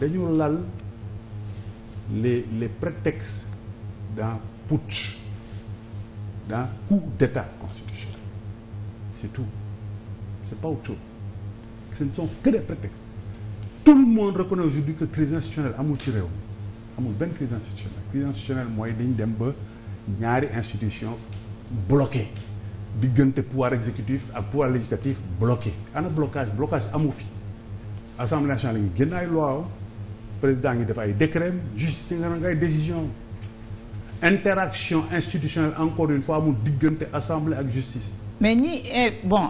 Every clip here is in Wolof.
dañu lal les les prétextes d'un putsch d'un coup d'état constitutionnel c'est tout c'est pas autre chose ce ne sont que des tout le monde reconnaît aujourd'hui que crise institutionnelle amul ci réew amul benn crise institutionnelle crise institutionnelle mooy dañ dem ba ñaari institution bloqué diggante pouvoir exécutif ak pouvoir législatif bloqué ana blocage blocage amu fi assemblée nationale la ñu génn ay président ngi def ay décret justice nga nga ay décision interaction institutionnelle encore une fois mu diggante assemblée ak justice mais ñi eh, bon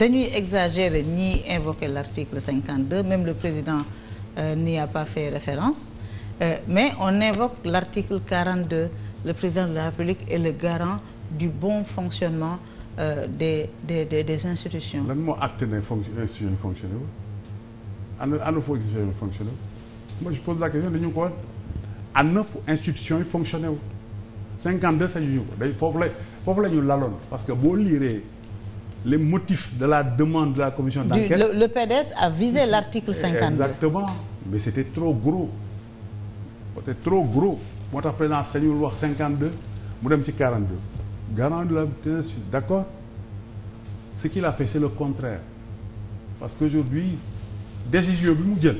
dañuy exagérer ñi invoquer l'article 52 même le président euh, n'y a pas fait référence euh, mais on invoque l'article 42 le président de la République et le garant du bon fonctionnement euh, des, des des des institutions la moo acte ne institution fonctionné wul ana ana foo moi je pose la question dañu ko war à neuf institutions yi fonctionné wu cinquante deux sañu day foofu la foofu la ñu laloon parce que boo liiree les motifs de la demande de la commission d'enquête le, le PDS a visé l'article 52 exactement mais c'était trop gros c'était trop moo tax président sañul wax 52 mu dem ci 42 garant de la je d'accord ce qu'il a fait c'est le contraire parce qu'aujourd'hui décision bi mu jël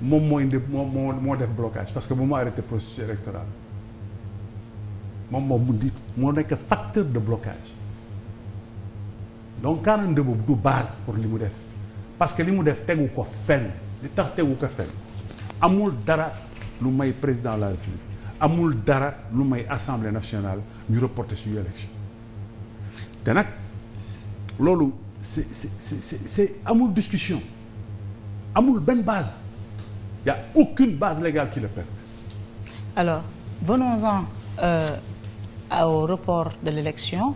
moom mooy indi moom moo moo def blocage parce que moom moo arrêté processus électoral moom moom mu moo nekk facteur de blocage donc quarante-deux boobu du base pour li mu def parce que li mu def tegu ko fen li tax tegu ko fenn amul dara lu may président la république amul dara lu may assemblée nationale ñu reporter suñu élection te nag loolu c'est c'est c'est amul discussion amul benn base Il n'y a base légale qui le permet. Alors, venons euh, report de l'élection.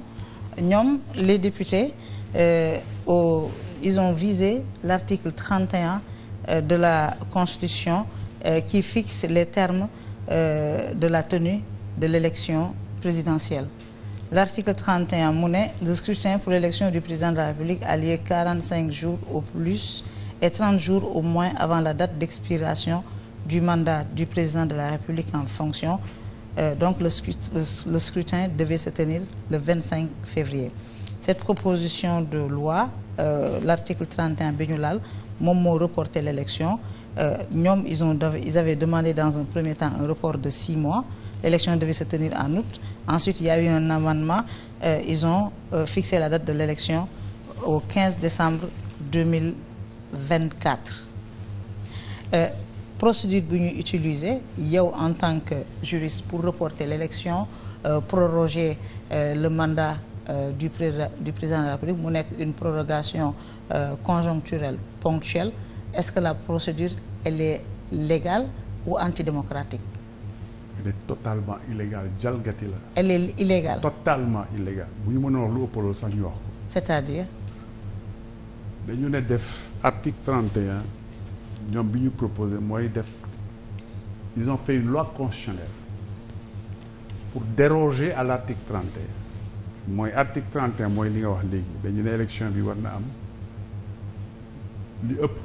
Ñoom, les députés, euh, au, ils ont visé l'article 31 euh, de la Constitution euh, qui fixe les termes de la tenue de l'élection présidentielle. L'article 31 mu ne le scrutin pour l'élection du président de la République a jours au plus et 30 jours au moins avant la date d'expiration du de la République en fonction. Euh, donc le scrutin, le, le scrutin devait se tenir le 25 février. Cette proposition de loi, euh, l'article 31 bi ñu laal moom moo reporté l'élection euh, ñoom euh, ils ont ils avaient demandé dans premier temps un de six mois. L'élection devait se en août. Ensuite, il y a eu un amendement. Euh, ils ont fixé la date de l'élection au 15 vingt-quatre euh, procédure bu ñu utiliser yow en tant que juriste pour reporter l'élection euh, proroger euh, le mandat euh, du du président de la République mu nekk une prorogation euh, conjoncturelle ponctuelle est-ce que la procédure elle est légale ou antidémocratique elle elle est illégale bu ñu mën a wax lu ëpp c'est-à-dire dañu ne def article 31 ñoom bi ñu proposé mooy def ils ont fait une loi constitutionnelle pour déroger à l'article 31 mooy article 31 mooy li nga wax léegi dañu ne élection bi war na am li ëpp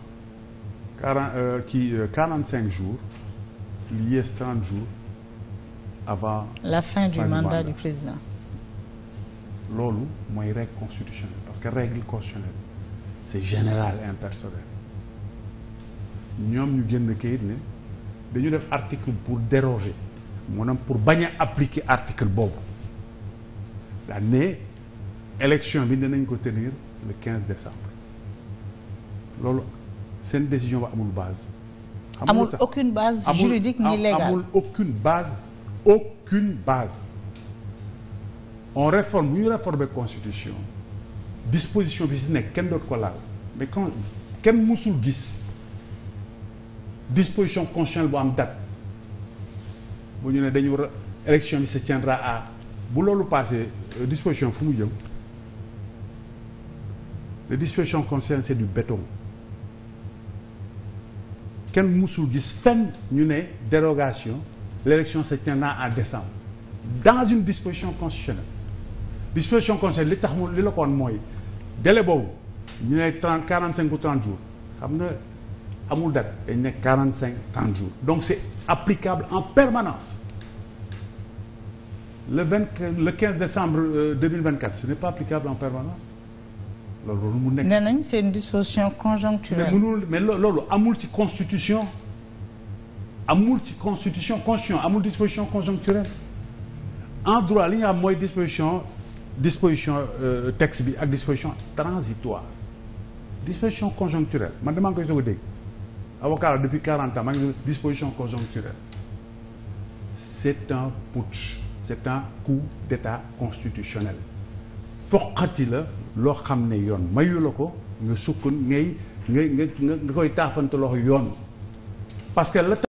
quarante euh, kii euh, cinq jours li yées jours avant la fin du mandat, mandat du président loolu mooy règle constitutionnelle parce que règle constitutionnelle c'est général et ñoom ñu génn kayit ne dañu def article pour déroger maanaam pour bañ a appliquer article boobu daan ne élection bi dinañ ko tenir le 15 décembre loolu seen décision ba amul base. amul aucune base juridique ni légale amul aucune base aucune base on réforme bu ñu réformer constitution. disposition bi si nekk kenn dootu ko laal mais quand kenn musul gis disposition constitutionnelle bu am date bu ñu ne dañu war a élection bi se tiendra à bu loolu passé euh, disposition fu mu jëm les dispositions constitutionnelles c'est du béton kenn musul gis fenn ñu ne dérogation l'élection se tiendra en décembre dans une disposition constitutionnelle disposition constitutionnelle li tax mu li la ko woon mooy délai boobu ñu ne trente quarante cinq ou trente jours xam nga amul date dañ ne quarante cinq trente jour donc c'est applicable en permanance le vingt le quinze décembre euh, deux mille vingt quatre ce n'est pas applicable en permanence loolu mu nekk. nee nañ c'est une disposition conjoncturelle. mais mënul loolu amul ci constitution amul ci constitution constitution amul disposition conjoncturelle en droit li nga xam mooy disposition. disposition euh, bi ak disposition transitoire disposition conjoncturelle man damaa ngi koy soog a dégg avocat depuis quarante ans maa ngi disposition conjoncturelle c'est un putsch c'est un coup d'état constitutionnel foqati la loo xam ne yoon mayu la ko nga sukk ngay nga nga nga koy taafante yoon parce la